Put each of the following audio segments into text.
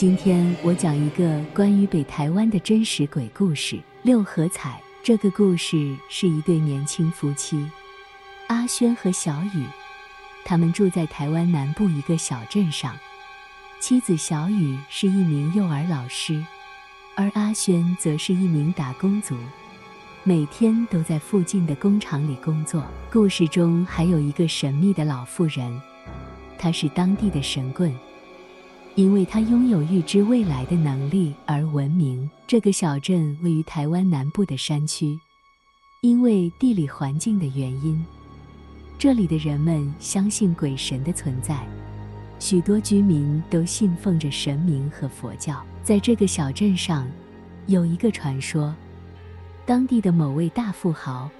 今天我講一個關於北台灣的真實鬼故事——六合彩。這個故事是一對年輕夫妻，阿軒和小雨。他們住在台灣南部一個小鎮上。妻子小雨是一名幼兒老師，而阿軒則是一名打工族，每天都在附近的工廠裡工作。故事中還有一個神秘的老婦人，她是當地的神棍。因為他擁有預知未來的能力而聞名。這個小鎮位於台灣南部的山區，因為地理環境的原因，這裡的人們相信鬼神的存在。許多居民都信奉着神明和佛教。在這個小鎮上，有一個傳說：當地的某位大富豪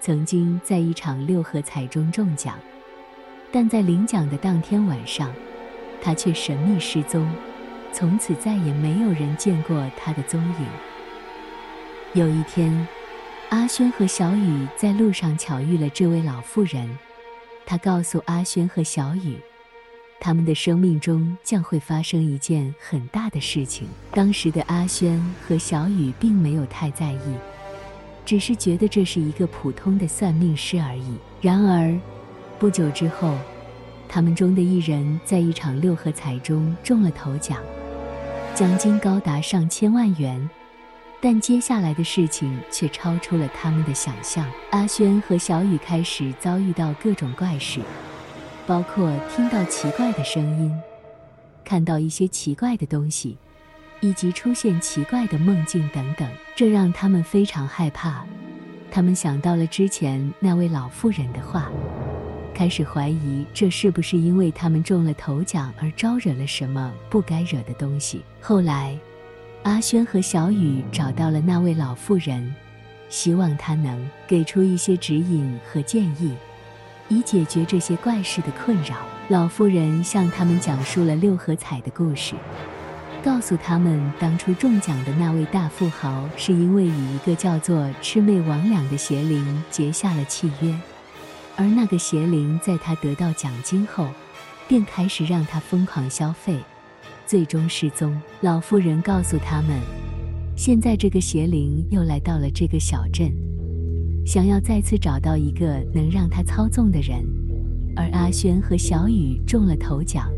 曾經在一場六合彩中中獎，但在領獎的當天晚上，他卻神秘失蹤，從此再也沒有人見過他的蹤影。有一天，阿軒和小雨在路上巧遇了這位老婦人，她告訴阿軒和小雨，他們的生命中將會發生一件很大的事情。當時的阿軒和小雨並沒有太在意，只是覺得這是一個普通的算命師而已。然而，不久之後，他們中的一人在一場六合彩中中了頭獎，獎金高達上千萬元，但接下來的事情卻超出了他們的想象。阿軒和小雨開始遭遇到各種怪事，包括聽到奇怪的聲音、看到一些奇怪的東西，以及出現奇怪的夢境等等，這讓他們非常害怕。他們想到了之前那位老婦人的話。開始懷疑這是不是因為他們中了頭獎而招惹了什麼不該惹的東西。後來，阿軒和小雨找到了那位老婦人，希望她能給出一些指引和建議，以解決這些怪事的困擾。老婦人向他們講述了六合彩的故事，告訴他們當初中獎的那位大富豪是因為與一個叫做魑魅魍魎的邪靈結下了契約。而那個邪靈在他得到獎金後，便開始讓他瘋狂消費，最終失蹤。老婦人告訴他們，現在這個邪靈又來到了這個小鎮，想要再次找到一個能讓他操縱的人。而阿軒和小雨中了頭獎，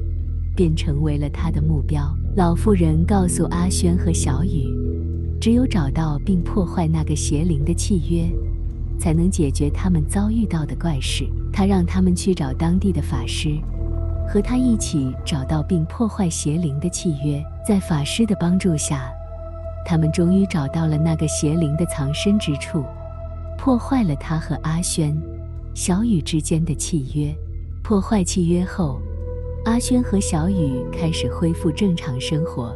便成為了他的目標。老婦人告訴阿軒和小雨，只有找到並破壞那個邪靈的契約，才能解決他們遭遇到的怪事。他讓他們去找當地的法師，和他一起找到並破壞邪靈的契約。在法師的幫助下，他們終於找到了那個邪靈的藏身之處，破壞了他和阿軒、小雨之間的契約。破壞契約後，阿軒和小雨開始恢復正常生活。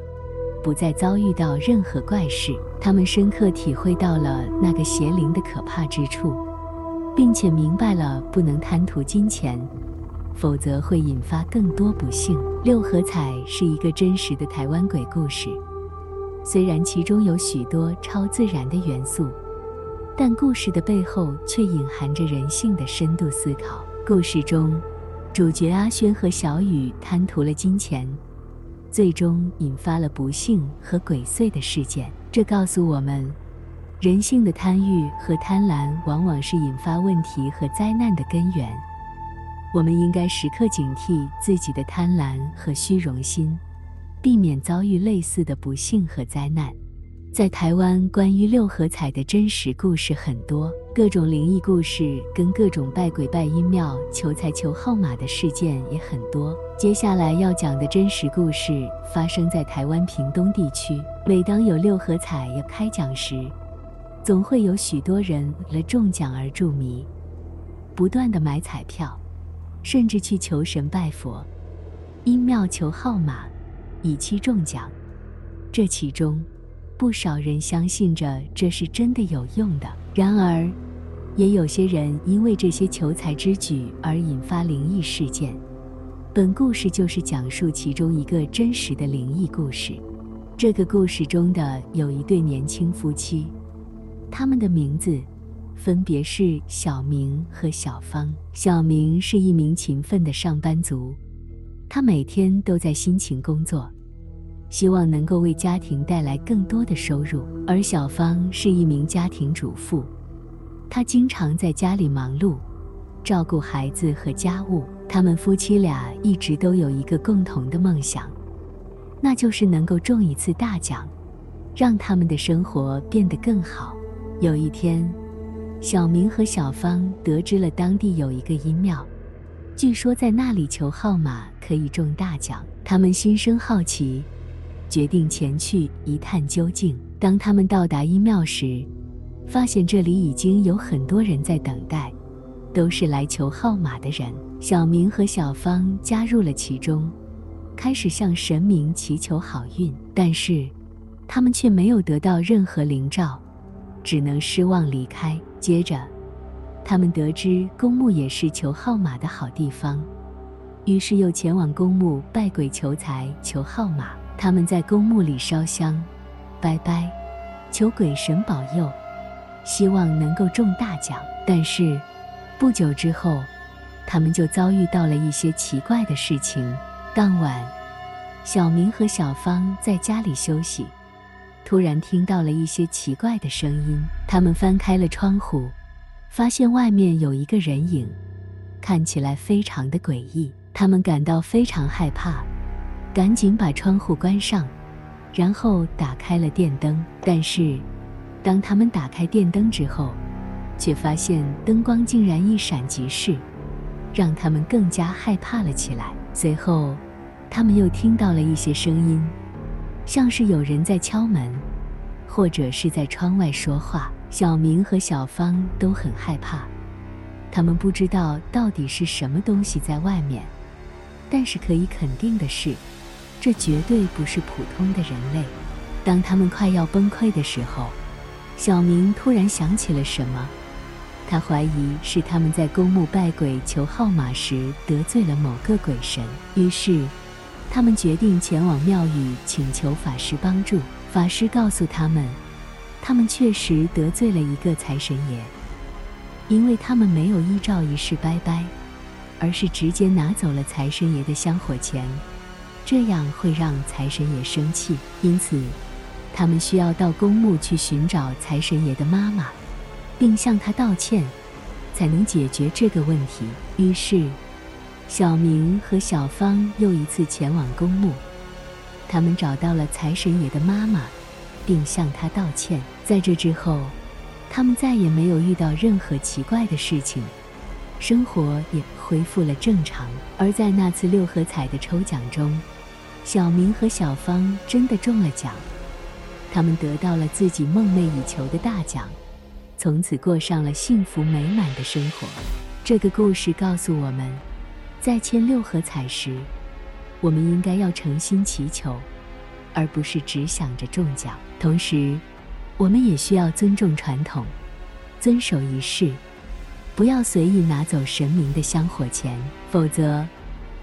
不再遭遇到任何怪事。他們深刻體會到了那個邪靈的可怕之處，並且明白了不能貪圖金錢，否則會引發更多不幸。六合彩是一個真實的台灣鬼故事，雖然其中有許多超自然的元素，但故事的背後卻隱含着人性的深度思考。故事中，主角阿軒和小雨貪圖了金錢。最終引發了不幸和鬼祟的事件。這告訴我們，人性的貪欲和貪婪往往是引發問題和災難的根源。我們應該時刻警惕自己的貪婪和虛榮心，避免遭遇類似的不幸和災難。在台灣，關於六合彩的真實故事很多，各種靈異故事跟各種拜鬼拜陰廟、求財求號碼的事件也很多。接下來要講的真實故事發生在台灣屏東地區。每當有六合彩要開獎時，總會有許多人為了中獎而著迷，不斷的買彩票，甚至去求神拜佛、陰廟求號碼，以期中獎。這其中。不少人相信着這是真的有用的，然而，也有些人因為這些求財之舉而引發靈異事件。本故事就是講述其中一個真實的靈異故事。這個故事中的有一對年輕夫妻，他們的名字分別是小明和小芳。小明是一名勤奮的上班族，他每天都在辛勤工作。希望能夠為家庭帶來更多的收入，而小芳是一名家庭主婦，她經常在家裡忙碌，照顧孩子和家務。他們夫妻倆一直都有一個共同的夢想，那就是能夠中一次大獎，讓他們的生活變得更好。有一天，小明和小芳得知了當地有一個陰廟，據說在那裡求號碼可以中大獎，他們心生好奇。決定前去一探究竟。當他們到達陰廟時，發現這裡已經有很多人在等待，都是來求號碼的人。小明和小芳加入了其中，開始向神明祈求好運，但是他們卻沒有得到任何靈照，只能失望離開。接着，他們得知公墓也是求號碼的好地方，於是又前往公墓拜鬼求財、求號碼。他們在公墓裡燒香，拜拜，求鬼神保佑，希望能夠中大獎。但是不久之後，他們就遭遇到了一些奇怪的事情。當晚，小明和小芳在家裡休息，突然聽到了一些奇怪的聲音。他們翻開了窗戶，發現外面有一個人影，看起來非常的詭異。他們感到非常害怕。趕緊把窗戶關上，然後打開了電燈。但是，當他們打開電燈之後，卻發現燈光竟然一閃即逝，讓他們更加害怕了起來。隨後，他們又聽到了一些聲音，像是有人在敲門，或者是在窗外說話。小明和小芳都很害怕，他們不知道到底是什麼東西在外面，但是可以肯定的是，這絕對不是普通的人類。當他們快要崩潰的時候，小明突然想起了什麼。他懷疑是他們在公墓拜鬼求號碼時得罪了某個鬼神，於是他們決定前往廟宇請求法師幫助。法師告訴他們，他們確實得罪了一個財神爺，因為他們沒有依照儀式拜拜，而是直接拿走了財神爺的香火錢。這樣會讓財神爺生氣，因此，他們需要到公墓去尋找財神爺的媽媽，並向他道歉，才能解決這個問題。於是，小明和小芳又一次前往公墓，他們找到了財神爺的媽媽，並向她道歉。在這之後，他們再也沒有遇到任何奇怪的事情，生活也恢復了正常。而在那次六合彩的抽獎中，小明和小芳真的中了獎，他們得到了自己夢寐以求的大獎，從此過上了幸福美滿的生活。這個故事告訴我們，在簽六合彩時，我們應該要誠心祈求，而不是只想着中獎。同時，我們也需要尊重傳統，遵守儀式，不要隨意拿走神明的香火錢，否則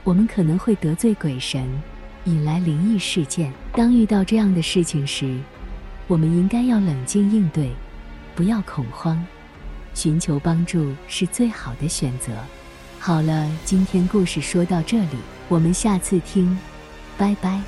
我們可能會得罪鬼神。引來靈異事件。當遇到這樣的事情時，我們應該要冷靜應對，不要恐慌，尋求幫助是最好的選擇。好了，今天故事說到這裡，我們下次聽，拜拜。